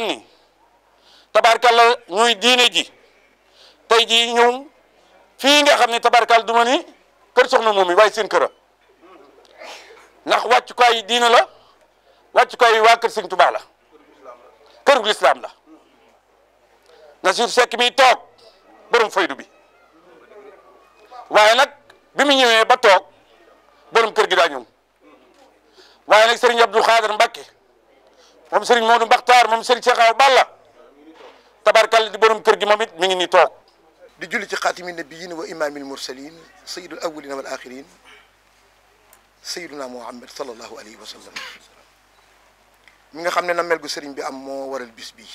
xam ni tabarkalla ñuy diine ji tey jii ñëw fii nga xam ni tabarkalla du ma ni kër soxna moom waaye seen kër ndax wàccukaay diine la wàccukaay waa kër sëñ Tuubaa la kër gu lislaam la Nasir Seck mi toog borom faydu bi waaye nag bi mu ñëwee ba toog borom kër gi daa ñëw waaye nag Serigne Abdou Khader Mbacke. mom Serigne Modou mbaktar mom Serigne Cheikh Awa Balla tabarkal di borom keur gi momit mi ngi ni tok di julli ci khatimin nabiyyin wa imamil mursalin sayyidul awwalin wal akhirin sayyiduna Muhammad sallallahu alayhi wa sallam mi nga xamne na mel gu serigne bi am mo waral bis bi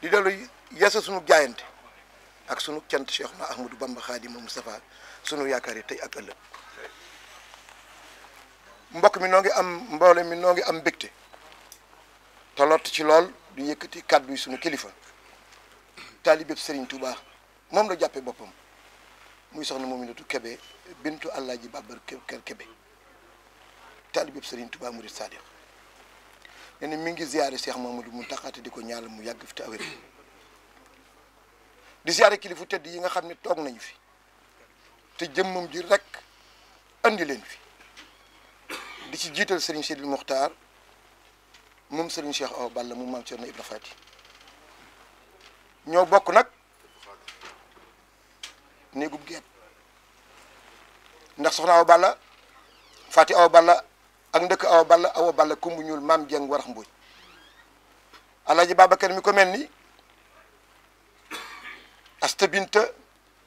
di dalu yassa sunu jayante ak sunu cant Cheikh na Ahmadou Bamba khadim Mustafa sunu yakari tay ak ëlëk mbokk mi noo ngi am mboole mi noo ngi am mbégte lott ci lool du yëkkati kàddu yi suñu kilifa taalibeb Serigne Touba moom la jàppe boppam muy soxna Mominatou Kébé bintu ji Babar Kër Kébé taalibeb Serigne Touba mourid sadiq nee na mi ngi ziyaare Cheikh Mamadou Mountakha di ko ñaal mu yàgg fi te awér di ziyaare kilifu tedd yi nga xam ne toog nañu fi te jëmmam ji rek andi leen fi di ci jiital Serigne Sidil Muxtaar moom Serigne Cheikh Awa Balla mu Ibra Fati ñoo konak, nag néegub geet ndax soxna Balla Fati obala, Balla ak obala Awa Balla Awa Balla kumbu ñuul maam Jeng warax mbuuj mi ko ni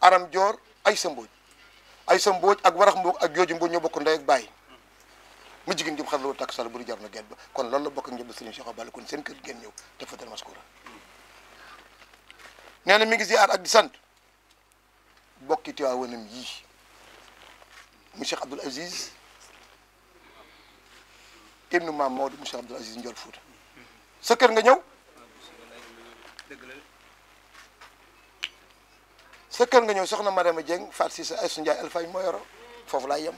Aram jor, ay sa mbooj ay sa mbooj ak warax mbooj ak jooju ak ma jigéen jub xar la wa tàkk sall buri jar na geet ba kon loolu la bokk ak njëb Serigne Cheikh Abdou kon seen kër ngeen ñëw te fatal maskura nee na mi ngi ziar ak di sant bokki Tiwaawanam yii mu Cheikh Abdoul Aziz ibnu maam Maodo mu Cheikh Abdoul Aziz Ndiol Fouta sa nga ñëw sa kër nga ñëw soxna Mariama Dieng Fatou Cissé Aïssou Ndiaye Alfay moo yoro foofu laay yem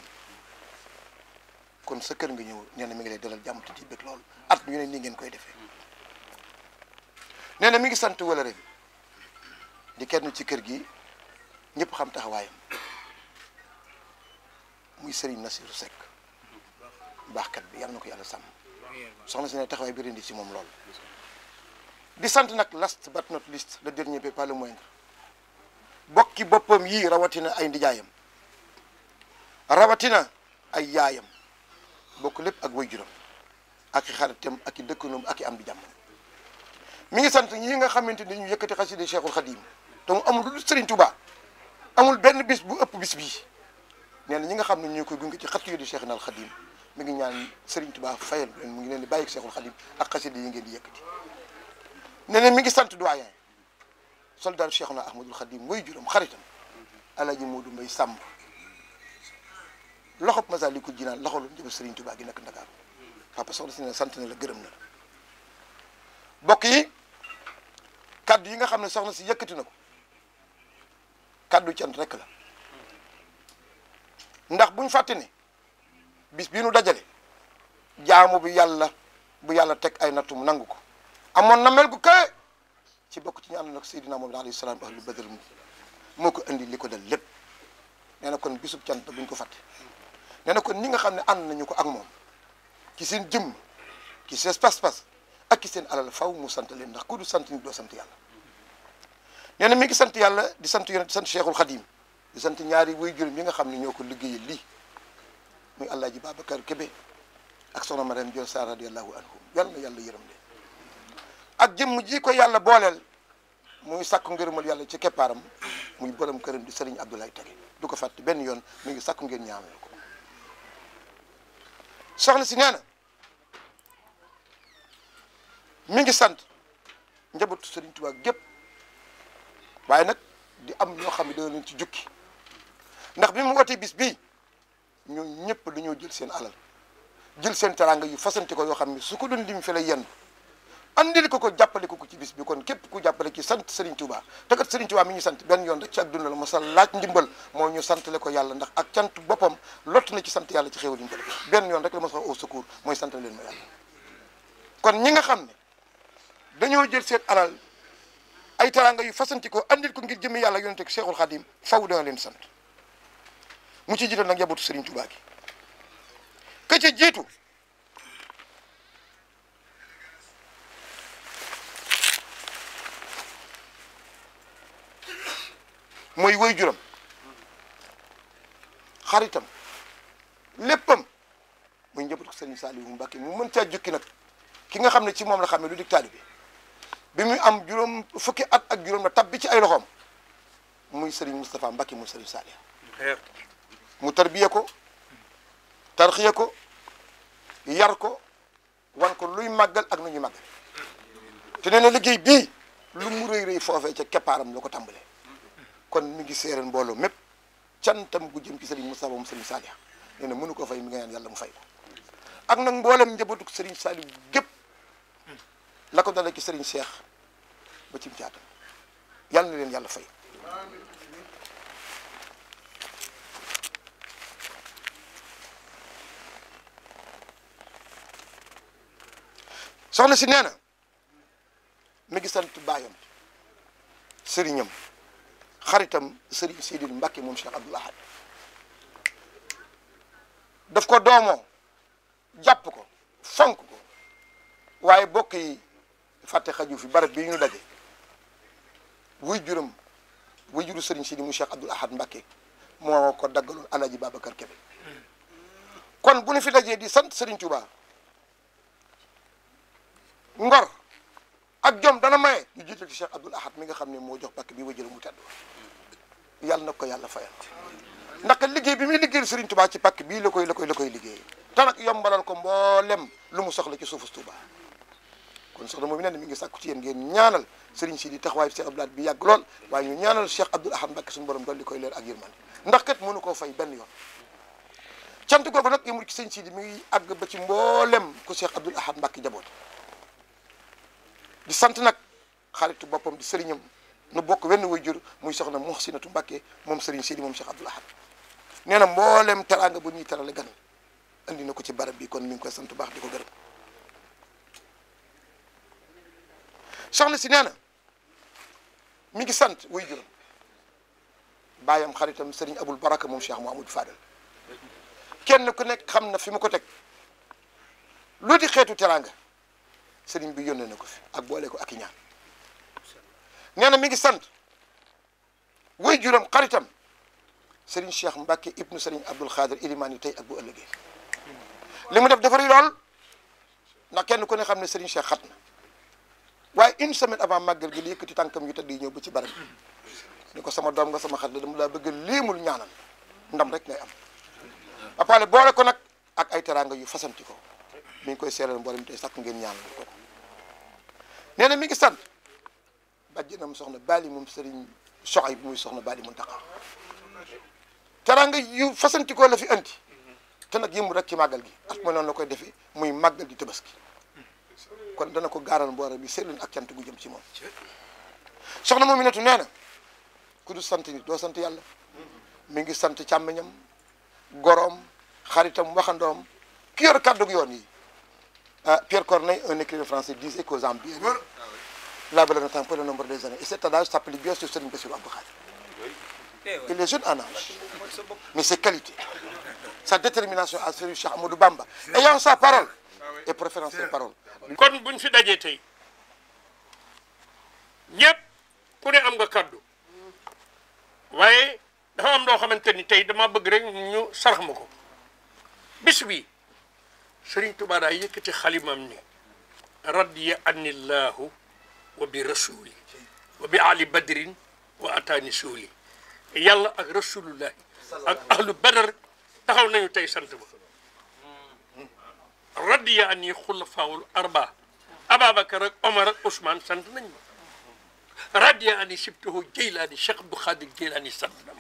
kon sa kër nga ñëw nee na mi ngi lay dalal jàmm te ci bëgg loolu at ñu ne nii ngeen koy defee nee na mi ngi sant wala rek di kenn ci kër gi ñëpp xam taxawaayam muy Serigne Nassirou Seck kat bi yàlla na ko yàlla sàmm soxna si ne taxawaay bi rendi ci moom lool di sant nag last but not least le dernier pas le moindre bokki boppam yi rawatina ay ndijaayam rawatina ay yaayam bokk lépp ak waajuram ak i xaritam ak i dëkkanoom ak i am bi jàmm mi ngi sant ñi nga xamante ni ñu yëkkati xasida Cheikhul Khadim te mu amul lu Serigne Touba amul benn bis bu ëpp bis bii nee na ñi nga xam ne ñoo koy gunge ci xat yooyu Cheikhul Khadim mi ngi ñaan Serigne Touba fayal leen mu ngi leen di bàyyi Cheikhul Khadim ak xasida yi ngeen di yëkkati nee na mi ngi sant doyen soldat Cheikhuna Ahmadul Khadim mooy juróom xaritam Alaaji Moodu Mbay Sàmb loxob Masaalikul Jinaan loxolu njëbu Sëriñ Tuubaa gi nekk Ndakaaru papa soxna si ne sant na la gërëm na la bokk yi kaddu yi nga xam ne soxna si yëkkati na ko kaddu cant rek la ndax ñu fàtte ne bis bii nu dajale jaamu bu yàlla bu yàlla teg ay nattu nangu ko amoon na mel gu kawe ci bokk ci ñu ànd nag Seydina Muhammad alayhi lu ahlu badr moo ko indi li ko dal lépp nee na kon bisub cant buñ ko fàtte nee na ñi nga xam ne ànd nañu ko ak moom ci seen jëmm ci seen pas-pas ak ci seen alal faw mu sant leen ndax ku du sant nit doo sant yàlla nee na mi ngi sant yàlla di sant yonent di sant Cheikhul Khadim di sant ñaari way juróom yi nga xam ne ñoo ko liggéeyal lii muy Alaaji Babacar Kébé ak soxna Mariam Dior sa radiyallahu anhum yàlla na yàlla yërëm leen ak jëmm ji ko yàlla booleel muy sàkku ngërëmal yàlla ci keppaaram muy borom këram di Serigne Abdoulaye Tagge du ko fàtte benn yoon mi ngi sàkku ngeen ñaanal ko soxna si nee na mi ngi sant njabootu Serigne Touba gépp waaye nag di am yoo xam ne da leen ci jukki ndax bi mu wootee bis bii ñoo ñëpp dañoo jël seen alal jël seen teraanga yu fasante ko yoo xam ne su ko doon lim fi lay yenn andil ko ko jàppale ko ko ci bis bi kon képp ku jàppale ki sant Serigne Touba te kat Serigne mi ñu sant benn yoon rek ci ak la masa laaj ndimbal moo ñu santale ko yàlla ndax ak sant boppam lott na ci sant yàlla ci xéewal ndimbal benn yoon rek la masa au secours mooy sant leen ma yàlla kon ñi nga xam ne dañoo jël seet alal ay taraanga yu fasanti ko andil ko ngir jëmmi yàlla yonente ko Cheikhul Khadim faw danga leen sant mu ci jiital nag njabootu Serigne Touba gi mooy waajuram xaritam léppam muy njabootu ko Serigne Saliou Mbacké mu mën caa jukki nak ki nga xamne ci mom la xamne lu dik talibi bi muy am juróom fukki at ak juróom la tabbi ci ay loxom muy Serigne mustapha Mbacké mu Serigne Saliou mu tarbiya ko tarxiya ko yar ko wan ko luy magal ak nu ñuy màggal te nee na liggéey bii lu mu rëy rëy fofé ca keparam lako tambalé kon mi ngi seereen mbooloo mépp cantam gu jëm ci Serigne mu moom Serigne Saliou nee na mënu koo fay mi nga ñaan yàlla mu fay ko ak nag mboolem njabootu Serigne Saliou gépp la ko dale ci Serigne seex ba cim caatam yàlla na leen yàlla fay soxna si nee na mi ngi sant baayam sëriñam xaritam sëriñ Sidil mbakki moom Cheikh Abdoul Ahad daf ko doomoo jàpp ko fonk ko waaye bokk yi fàtte xaju fi barab bi ñu daje wuy juram wuy juru Serigne Sidi mu Cheikh Abdoul Ahad Mbacke moo ko daggaloon Alaaji Babacar Kebe kon bu ñu fi dajee di sant Serigne Touba ngor ak jom dana may ñu jittal ci Cheikh abdul Ahad mi nga xamne mo jox bakk bi wajëla mu tedd yàlla nako yàlla fayal ndax liggey bi mi liggey Serigne Touba ci pàkk bi lakoy lakoy lakoy liggey la koy yombalal ko mbollem lu mu soxla ci suufus Touba kon soxla mo mi ne mi ngi sàkku ci yéen ngeen ñaanal Serigne sidi taxway Cheikh Abdoul Ahad bi yag lool waaye ñu ñaanal Cheikh abdul Ahad Mbacké sun borom dal li leer ak yërmande ndax kat mënu ko fay ben yoon cant googu nak yëmul ci serigne sidi mi ngi àgg ba ci mbollem ko Cheikh abdul Ahad Mbacké jabot di sant nag xaritu boppam di sëriñam nu bokk wenn wuy wayjur muy soxna Muhsinatu Mbàkke moom sëriñ Sidi moom Cheikh Abdoul Ahad nee na mbooleem teraanga bu ñuy terale gan andi na ko ci barab bi kon mu ngi koy sant baax di ko gërëm soxna si nee na mi ngi sant wuy wayjuram bàyyam xaritam sëriñ Abul Baraka moom Cheikh amud Fadal kenn ku nekk xam na fi mu ko teg lu di xeetu teraanga sëriñ bi yónnee na ko fi ak boole ko ak i ñaan nee mi ngi sant way juram xaritam sëriñ Cheikh Mbacke ibnu sëriñ Abdul Xaadir ilimaan yi tey ak bu ëllëgee li mu def dafari lool ndax kenn ku ne xam ne sëriñ Cheikh xat na waaye une semaine avant màggal gi li yëkkati tànkam yu tëdd yi ñëw ba ci barab ni ko sama doom nga sama xarit la dama laa bëgg léemul ñaanal ndam rek ngay am ba boole ko nag ak ay teraanga yu fasanti ko mi ngi koy seeral mboolem tey sàkk ngeen ñaan ko nee na mi ngi sant bàjjinam soxna Bali moom Serigne Soxay bi muy soxna Bali Muntaxa teranga yu fasanti ko la anti andi te nag yëmul rek ci màggal gi at ma noonu la koy defee muy màggal di tabaski kon dana ko gaaral mboolem mi seetlu ak cant gu jëm si moom soxna moom Minatu nee na ku du sant nit doo sant yàlla mi ngi sant càmmiñam goroom xaritam waxandoom ki yor kàddu yoon yi Ah, Pierre Corneille, un écrivain français, disait qu'aux Zambiens, ah oui. la valeur n'attend pas le nombre des années. Et cet adage s'appelle bien sur ce que sur Et Il est jeune en âge, mais ses qualités, sa détermination à celui Cheikh Amadou Bamba, ayant sa parole ah et préférant sa parole. kon buñ fi dajee tey ñëpp ku ne am nga kaddu waaye dafa am loo xamante ni tey dama bëgg rek ñu en train ko سرين تبارا يكتي خالي أمني ردي عن الله وبرسولي وبعلي بدر وأتاني سولي يلا أك رسول الله أك أهل بدر تخلو نيو تاي سنتبو رضي أني خلفاء الأربع أبا بكر عمر عثمان سنتنا رضي أني سبته جيلاني شيخ بخادر جيلاني سنتنا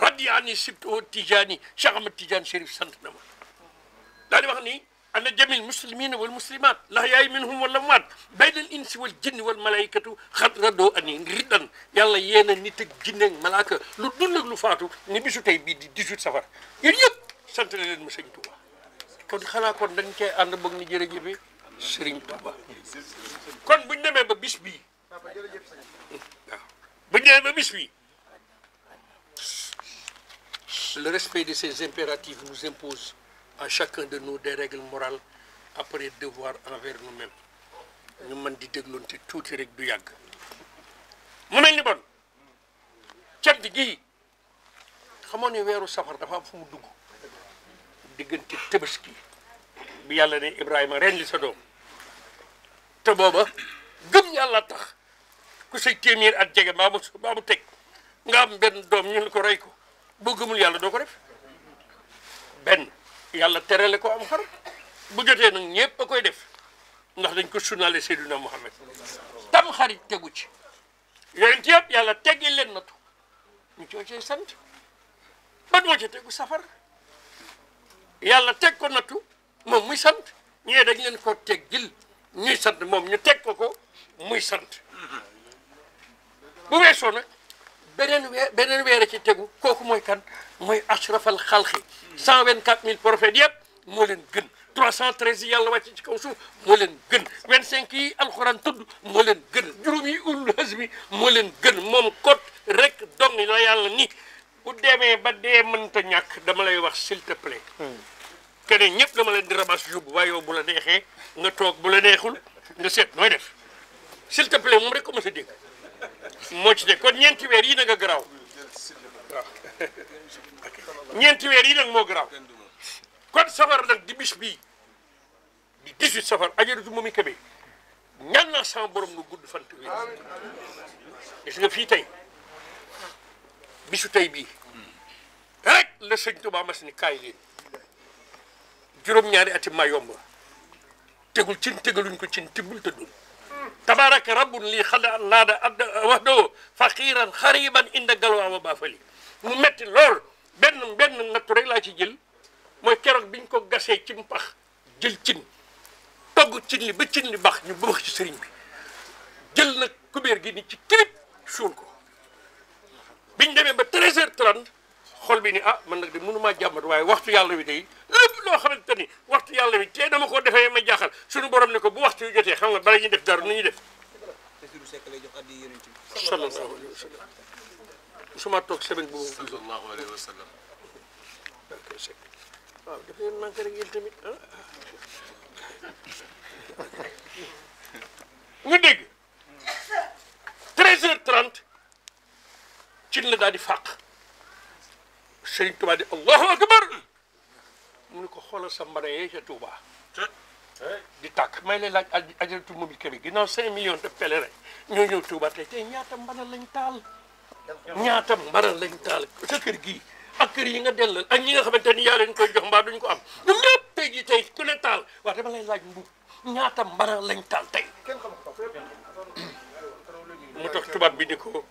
ردي عن سبته تيجاني شيخ تيجان شريف سنتنا داني واخني ان جميع المسلمين والمسلمات لا ياي منهم ولا مات بين الانس والجن والملائكه خضر دو اني ردان يلا يينا نيت جن اك ملائكه لو دون لو فاتو ني بيسو تاي بي 18 سفر يي ييب سانت لين ما سيغ توبا كون خلا كون دنج تي أنا بوك ني جيري جيبي سيرين توبا كون بو نيمي با بيس بي بو نيمي با بيس بي Le respect de ces impératifs nous impose à chacun de nous des règles morales après devoir envers nous-mêmes ñu mën di dégloonte tuuti rek du Yag. mu mel ni bon cant gi xamoon ni weeru safar dafa am fu mu dugg diggante tëbaski bi yàlla ne Ibrahima ren li sa doom te booba gëm yàlla tax ku say téeméer at jege baa mu baa mu teg nga am benn doom ñu ne ko rey ko def yàlla terale ko am xar jotee nag ñëpp a koy def ndax dañ ko sunnaale Seydina Muhammad tam xarit tegu ci yonent yëpp yàlla teggi leen natu ñu coo cay sant ban moo ca tegu safar yàlla teg ko nattu moom muy sant ñee dañ leen ko teggil ñuy sant moom ñu teg ko ko muy sant bu weesoo nag beneen weer beneen weer a ci tegu kooku mooy kan mooy ashrafal xalqi 124000 prophètes yëpp moo leen gën 313 yi yàlla wàcc ci kaw suuf moo leen gën 25 yi alxuraan tudd moo leen gën juróom yi ulul hasmi moo leen gën moom kot rek dong la yàlla ni bu demee ba dee mënta ñàkk dama lay wax s'il te plaît. keneen ñëpp dama leen di rabas yóbbu waaye yow bu la neexee nga toog bu la neexul nga seet nooy def s'il te plaît moom rek ko mos a dégg. moćne. de njen ti tiveria da ga grav. tiveria ti veri quando ga mo grav. Kod safar nag di bis bii di 18 safar ajaru não momi kebe ñaan naa sama borom nga gudd fant wi gis nga fii tey bisu tey bii rek la sëñ Tuubaa mas ni kaay leen juróom-ñaari ati maa tegul tabaraka rabbun lii xada laada adda waxdoo faqiran xariban inda galwaa wa baafali mu metti lool benn benn nattu rek laa ci jël mooy keroog biñ ko gasee ci mpax jël cin togg cin li ba cin li baax ñu bëbax ci sëriñ bi jël nag kubéer gi ni ci kilib demee ba 13 xol bi ni ah man nag de mënumaa jàmbat waaye waxtu yàlla wi day lépp loo xamante ni waxtu yàlla wi tee dama ko defee ma jaaxal suñu borom ne ko bu waxtu yu jotee xam nga bala ñuy def dara nu ñuy def sallallahu alayhi wa sallam suma toog semaine boobu sallallahu alayhi wa sallam waaw dafa leen manqué rek yéen tamit ah. nga dégg 13h30 cin la daal di fàq sëriñ Tuubaa di allahu akbar mu ne ko xoolal sa mbana yee ca Tuubaa di tàkk may lay laaj ajaratu moom kër yi ginnaaw cinq millions de pèlerins ñoo ñëw Tuubaa tey tey ñaata mbana lañ taal ñaata mbana lañ taal sa kër gi ak kër yi nga dellal ak ñi nga xamante ni yaa leen koy jox mbaa duñ ko am ñoom tey jii ne taal waaw dama lay laaj mbuub ñaata mbana lañ taal tey mu tax tubaab bi ni ko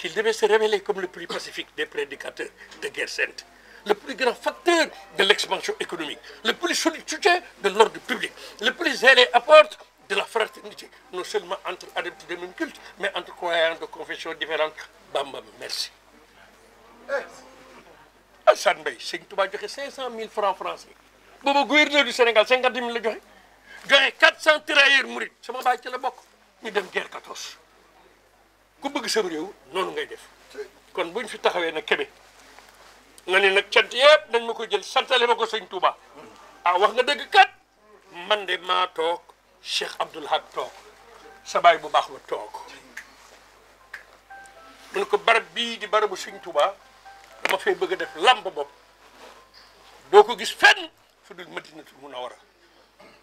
qu'il devait se révéler comme le plus pacifique des prédicateurs de guerre sainte, le plus grand facteur de l'expansion économique, le plus solide soutien de l'ordre public, le plus zélé apporte de la fraternité, non seulement entre adeptes de même culte, mais entre croyants de confessions différentes. Bamba, merci. Eh, Assane c'est sëñ Touba joxe 500 000 francs français le gouverneur du Sénégal 50 000 le joxe joxe 400 tirailleurs mourides sama baay ci la bokk ni une guerre 14. ku bëgg sam réew noonu ngay def kon buñ fi taxawee na kebe nga ne nag cant yëpp nañ ma ko jël santale ma ko sëñ Touba ah wax nga dëgg kat man de maa toog Cheikh Abdoul Ahad toog sa bu baax ba toog mun ko barab bii di barabu sëñ Touba dama fay bëgg a def làmb bopp doo ko gis fenn fu dul Madinatul Munawwara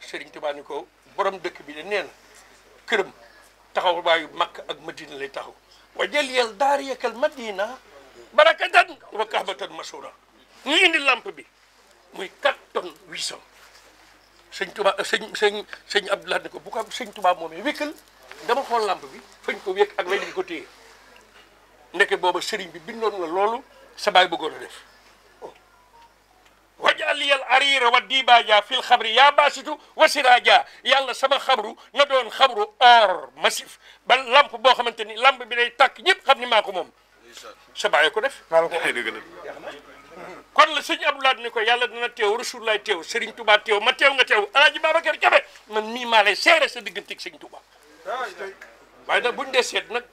sëriñ Touba ni ko borom dëkk bi de nee na këram taxaw waayu makk ak madina lay taxaw wa jël yel daariyakal madina barakatan wa kaabatan masura ñu indi lampe bi muy 4 tonnes 800 sëñ Tuba sëñ sëñ sëñ Abdoulaye ko bu ko sëñ Tuba moomee wékkal dama xool lampe bi fañ ko wékk ak lay di ko téye ndeke booba sëriñ bi bindoon la loolu sa baay bëggoon a def wajaliyal ariira wa dibaaja fil xabri yaa baasitu wa siraaja yàlla sama xabru na doon xabru or massif ba lamp boo xamante ni lamp bi day tàkk ñëpp xam ni maako moom sa bàyyi ko def kon la sëñ Abdoulaye ni ko yàlla dana teew Rasulullah teew Serigne Touba teew ma teew nga teew Alaaji Babacar Kebe man mii maa lay seere sa digganteeg Serigne Touba waaye nag buñu dee seet nag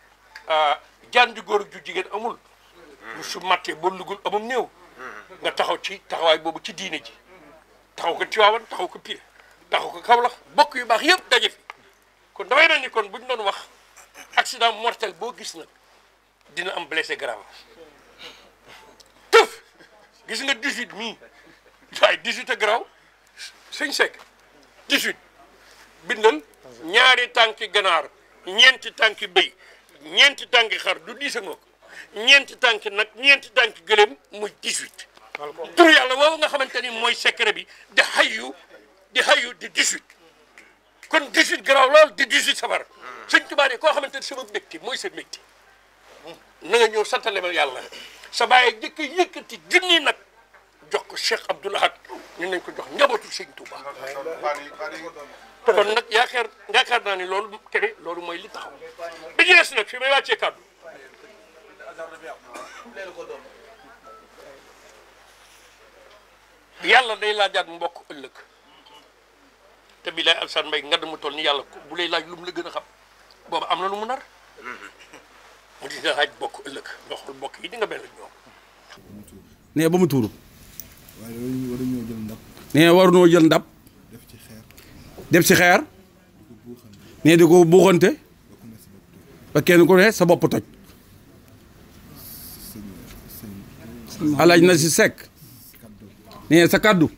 ah, jaan ju góor ju jigéen amul lu su mattee ba lugul amum néew nga taxaw ci taxawaay boobu ci diine ji taxaw ko Tiwaawan taxaw ko Pire taxaw ko Kawlax bokk yu baax yëpp daje kon damay mel ni kon buñ ñu wax accident mortel boo gis nag dina am blessé gram tëf gis nga 18 mii waaye 18 grave sëñ Seck 18 bindal ñaari tànki ganaar ñeenti tànki béy ñeenti tànki xar du diis a ngoog ñeenti tànki nag ñeenti tànki gëléem mooy secret bi di xayu di xayu di 18 kon 18 garaaw lool di 18 safar sëñ Tuubaa ne koo xamante ne sama mbégte mooy seen mbégte na nga ñëw santale ma yàlla sa bàyyi njëkk yëkkati junni nag jox ko Cheikh Abdoul Ahad ñu nañ ko jox njabootu sëñ Tuubaa kon nag ya yaakaar naa ni loolu kene loolu mooy li taxaw bi ñu des nag fi may wàccee kàddu yàlla day laajaat mbokk ëllëg te bi lay alsan nga mu toll ni yàlla bu lay laaj lu mu la gën a xam boobu am na lu mu nar mu di laaj bokk ëllëg nga xool bokk yi di mel ak ñoom. nee ba mu tuuru. waaye waruñoo jël ndab. nee jël ndab. def ci xeer. def ci xeer. nee di ko buuxante. ba kenn ku ne sa bopp toj. alaaj na si sekk. nee sa kàddu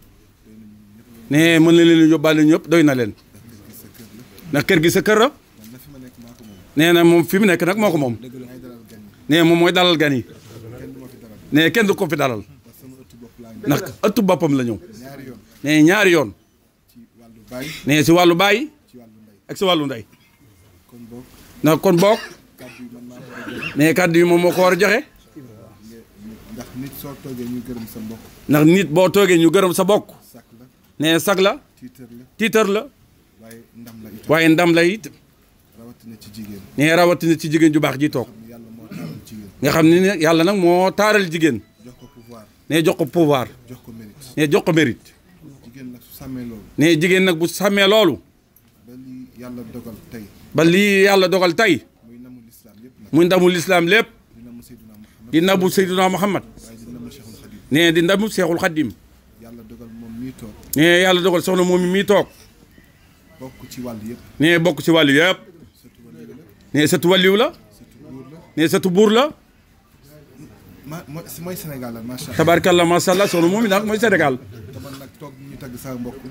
nee mën na leen yóbbaale ñëpp doy na leen ndax kër gi sa kër la nee na moom fi mu nekk nag moo ko moom nee moom mooy dalal gan yi nee kenn du ko fi dalal ndax ëttu boppam la ñëw nee ñaari yoon nee si wàllu baay ak si wàllu ndey ndax kon boog nee kàddu yi moom moo ko war a joxe. ndax nit soo toogee gërëm sa mbokk. ndax nit boo toogee ñu gërëm sa bokk. nee sag la. tiitar la tiitar la. waaye ndam la it. waaye ndam la it. rawatina ci jigéen. nee rawatina ci jigéen ju baax ji toog. nga xam ni ne yàlla nag moo taaral jigéen. jox ko pouvoir. nee jox ko pouvoir. jox ko mérite. nee jox ko mérite. jigéen nag su sàmmee loolu. nee jigéen nag bu sàmmee loolu. yàlla dogal tey. ba lii yàlla dogal tey. muy ndamu lislaam lépp. di ndamu Seydina Muhammad nee di ndamu Seexul Xaddim nee yàlla dogal soxna moom mi mii toog nee bokk ci wàll yëpp nee sëtu wàlliw la nee sëtu buur la tabaarkalla macha allah soxna moom mi daal mooy Sénégal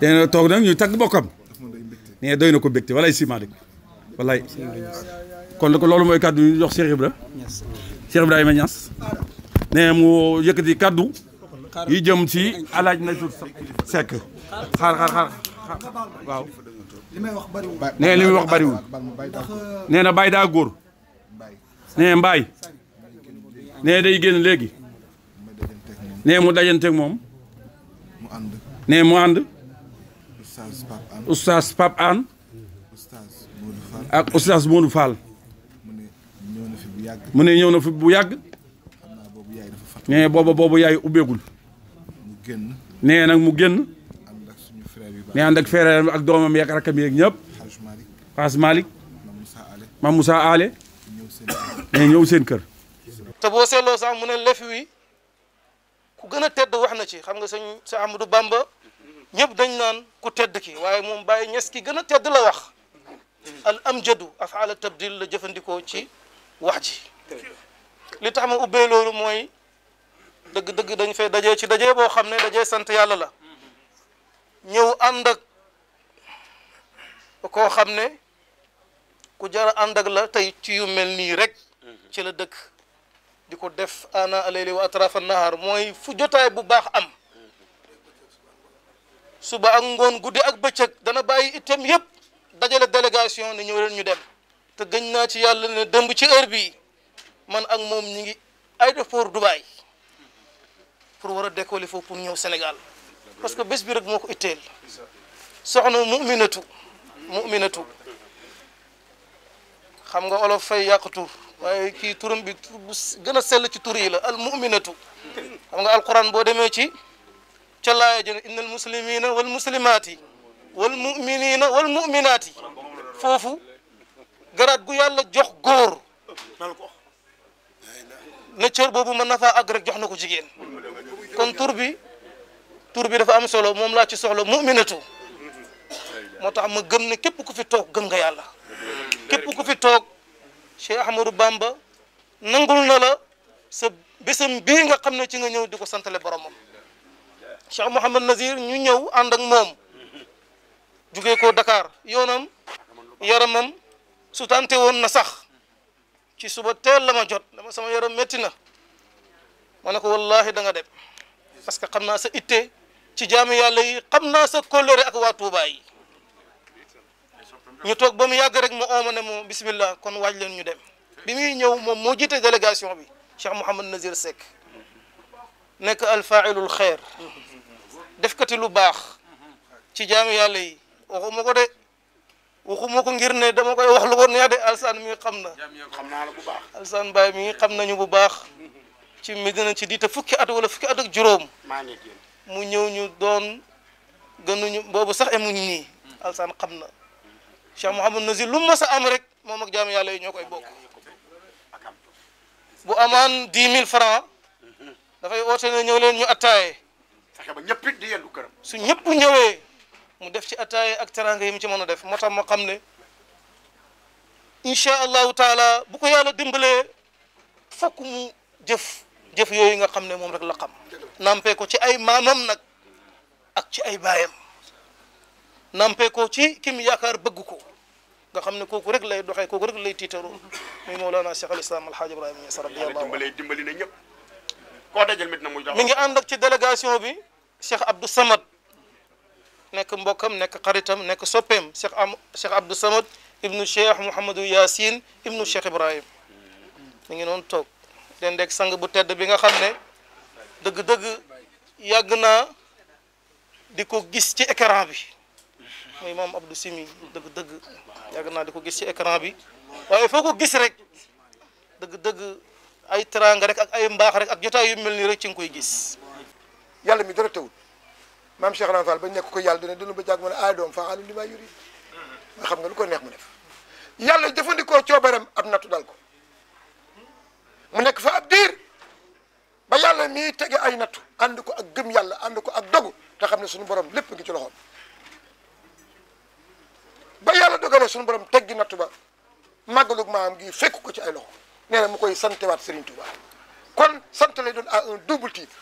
nee toog nag ñuy tagg bokkam nee doy na ko bégte walay si Malick walay kon nag loolu mooy kàddu ñu jox Cheikh Ibra Cheikh Ibrahima Niass ne mu yëkkati kaddu yi jëm ci alaaj na su sekk xaar xaar xaar waaw nee li muy wax bariwul nee na bàyyi daa góor nee mbaay nee day génn léegi nee mu dajanteeg moom nee mu ànd oustaz Pape Anne ak oustaz Modou Fall mu ne ñëw na fu bu yàgg nee booba boobu yaay ubbeegul nee nag mu génn nee ànd ak frère bi ak doomam yeeg rakkam yeg ñëpp Xaas Malick Mam Moussa Ale nee ñëw seen kër te boo seetloo sax mu ne lef wi ku gën a tedd wax na ci xam nga sëñ sa Amadou Bamba ñëpp dañ naan ku tedd ki waaye moom Baye Ñas ki gën a tedd la wax al amjadu afaala tabdil la jëfandikoo ci wax ji li tax ma ubbee loolu mooy dëgg dëgg dañ fay dajee ci dajee boo xam ne dajee sant yàlla la ñëw ànd ak koo xam ne ku jara ànd la tey ci yu mel nii rek ci la dëkk di ko def ana alayli wa atrafa nahar mooy fu jotaay bu baax am suba ak ngoon guddi ak bëccëg dana bàyyi itam yëpp dajale délégation ne ñëw leen ñu dem te gëñ naa ci yàlla ne dëmb ci heure bii man ak moom ñi ngi aéroport Dubaï pour war a décoller foofu pour ñëw senegal parce que bés bi rek moo ko itteel soxna muminatu muminatu xam nga olof fay yàq tur waaye kii turam bi bu gën a sell ci tur yi la al muminatu xam nga alquran boo demee ci ca laaya jëne inna al muslimina wal muslimaati wal muminina wal muminaati foofu garaat gu yàlla jox góor na cër boobu mën na faa jox na ko jigéen kon tur bi tur bi dafa am solo moom laa ci soxla muminatu moo tax ma gëm ne képp ku fi toog gëm nga yàlla képp ku fi toog Cheikh Ahmadou Bamba nangul na la sa bésam nga xam ne ci nga ñëw di ko santale boromam Cheikh Mouhamad Nazir ñu ñëw ànd ak moom jugee ko Dakar yoonam yaramam su tante woon na sax ci suba teel la ma jot dama sama yaram métti na ma ne ko wallahi da nga dem parce que xam naa sa itte ci jaami yàlla yi xam naa sa kóllëre ak waa Touba yi ñu toog ba mu yàgg rek mu ooma ne mu bismillah kon waaj leen ñu dem bi muy ñëw moom moo jiite délégation bi Cheikh Mouhamad Nazir Seck nekk alfailul xeer defkati lu baax ci jaami yàlla yi waxuma ko de waxuma ko ngir ne dama koy wax lu ko neex de alsaan mi xam na xam naa bu baax alsaan baay mi xam nañu bu baax ci Medina ci diite fukki at wala fukki at ak juróom mu ñëw ñu doon gënuñu boobu sax emuñ nii alsaan xam na Cheikh Mouhamad Nazir lu mu mës am rek moom ak jaamu yàlla ñoo koy bokk bu amaan dix mille francs dafay oote ne ñëw leen ñu attaaye fexe ba ñëpp it di yendu su ñëpp ñëwee mu def ci ataaya ak teraanga yi mu ci mën a def moo tax ma xam ne incha allahu taala bu ko yàlla dimbalee fokk mu jëf jëf yooyu nga xam ne rek la xam nampee ko ci ay maamam nag ak ci ay baayam nampee ko ci kim yakar bëgg ko nga xam ne kooku rek lay doxee kooku rek lay tiitaroo muy Mawlana Cheikh al Islam Alhaaj Ibrahima Niass radiyallahu anhu dimbali dimbali na ñëpp koo dajal mit na muy dox mi ngi ànd ak ci délégation bi Cheikh Abdou Samad nek mbokam nek xaritam nek sopem. Cheikh am Cheikh Abdou Samad ibnu Cheikh mohammed Yassine ibnu Cheikh Ibrahim mi ngi non tok den deg sang bu tedd bi nga xamne deug deug yagna diko gis ci écran bi moy mom Abdou Simi deug deug yagna diko gis ci écran bi waaye foko gis rek deug deug ay teranga rek ak ay mbax rek ak jotay yu melni rek ci ngui gis yalla mi dara maam Cheikh Ibrahima Fall ba nekk ko yàlla dina dund ba jàg mën a aadoom faaxaalu li maa yuri nga xam nga lu ko neex mu def yàlla jëfandikoo coobaram ab nattu dal ko mu nekk fa ab diir ba yàlla mii tege ay nattu ànd ko ak gëm yàlla ànd ko ak dogu te xam ne suñu borom lépp ngi ci loxoom ba yàlla dogalee suñu borom teggi nattu ba màggalug maam gi fekk ko ci ay loxo nee na mu koy santewaat Serigne Touba kon sant lay doon à un double titre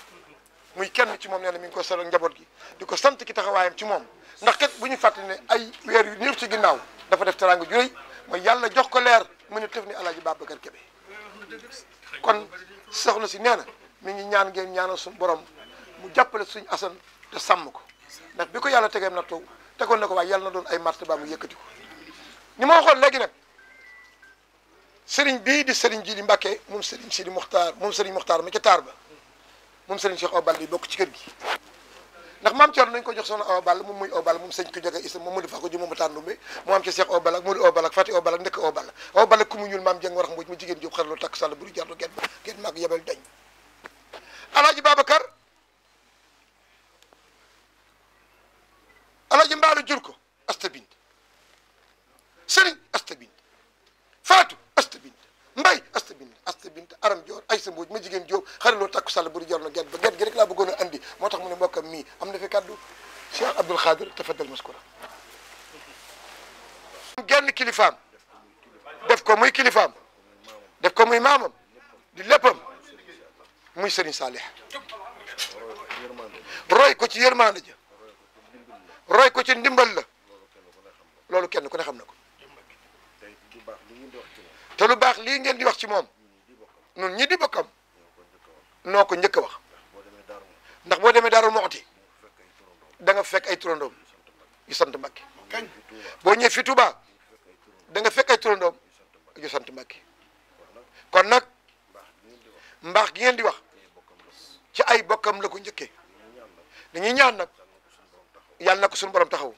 muy kenn ci moom nee na mi ngi koy solo njaboot gi di ko sant ki taxawaayam ci moom ndax kat bu ñu fàttali ne ay weer yu néew ci ginnaaw dafa def teraanga ju rëy mooy yàlla jox ko leer mu ne tëf ni Alaaji Babacar Kébé kon soxna si nee na mi ngi ñaan ngeen ñaanal suñu borom mu jàppale suñu asan te sàmm ko ndax bi ko yàlla tegeem na taw tegoon na ko waaye yàlla na doon ay martaba mu yëkkati ko ni ma waxoon léegi nag sëriñ bii di sëriñ jii di Mbàkke moom sëriñ Sidi Muxtaar moom sëriñ Muxtaar ma ca taar ba moom sëriñ Cheikh Awa Balla bokk ci kër gi ndax maam Thierno nañ ko jox soxna Awa Balla moom muy Awa Balla moom sëñ ko joge islam moom mu di fax ko ji moomu tàndumbe mu am ci Cheikh Awa Balla ak mu di Awa Balla ak Fati Awa Balla ak nekk Awa Balla Awa ñuul maam jëng war mbuj mu jigéen jóob xar lu takk sàll buru jarlu genn genn jur ko astabin sëriñ astabin faatu mbay asta bint asta bint aram joor ay sa ma jigen jóob xari loo takku sal buri jor na gerte ba gerte gi rek la bëggono andi motax mu ne mbokkam mi amna fi kàddu cheikh abdul khadir tafaddal maskura genn kilifaam def ko muy kilifaam def ko muy mamam di léppam muy serigne salih roy ko ci yermane ja roy ko ci ndimbal la loolu kenn ku ne xam na ko te lu bax li ngeen di wax ci mom nun ñi di bokam noko ñëk wax ndax bo démé daru moxoti da nga fekk ay turandom yu sant mbacké bo ñëwee fi tuba da nga fekk ay turandom yu sant mbacké kon nak mbax gi ngeen di wax ci ay bokam la ko njëkkee dañuy ñaan nak yalla nak suñu borom taxaw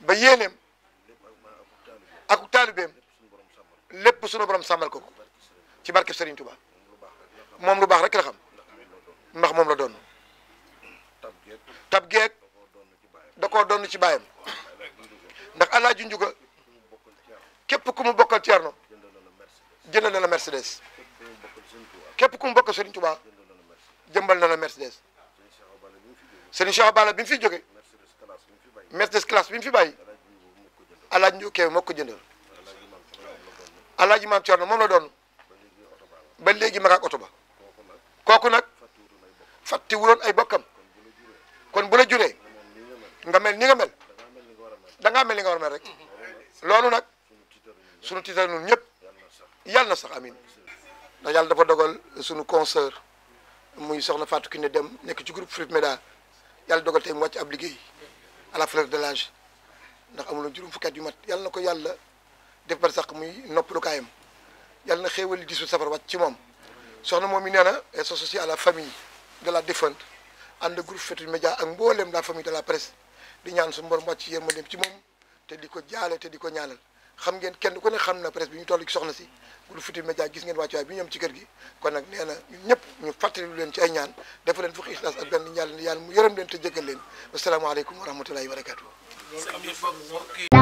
ba ak talibem lépp sunu borom sàmmal ko ko ci barkeb Serigne Touba moom lu baax rek la xam ndax moom la doon tab geeg da koo doon ci baayam ndax alaaji njuga képp ku mu bokkal Thierno jëndal na la Mercedes képp ku mu bokkal Serigne Touba jëmbal na la Mercedes Serigne Cheikh Bala bi mu fi jóge Mercedes classe bi mu fi bàyyi alaaji njuga moo ko jëndal. alaaji maam Cerno moom la doon ba léegi mag ak oto ba kooku nag fàtte wuloon ay bokkam kon bu la juree nga mel ni nga mel da ngaa mel ni nga war rek loolu nag sunu tiital nun ñëpp yàlla na sax amin ndax yàlla dafa dogal sunu consœur muy soxna Fatou Kiné dem nekk ci groupe Frip Meda yàlla dogal tey mu wàcc ab liggéey la fleur de l'âge ndax amul juróom fukki at yu mat yàlla na ko yàlla def bar sax muy noppalukaayam yàlla na xéewal di su safar wàcc ci moom soxna moom mi nee na elle la famille de la défunte groupe Futurs Médias ak mboolem la famille de la di ñaan su mborom wàcc yërmandeem ci moom te di ko jaale te di ko ñaanal xam ngeen kenn ku ne xam na presse bi ñu toll ci soxna si groupe Futurs Médias gis ngeen wàccuwaay bi ñu am ci kër gi kon nag nee na ñun ñëpp ñu fàttali leen ci ay ñaan dafa leen fukki ixlaas ak benn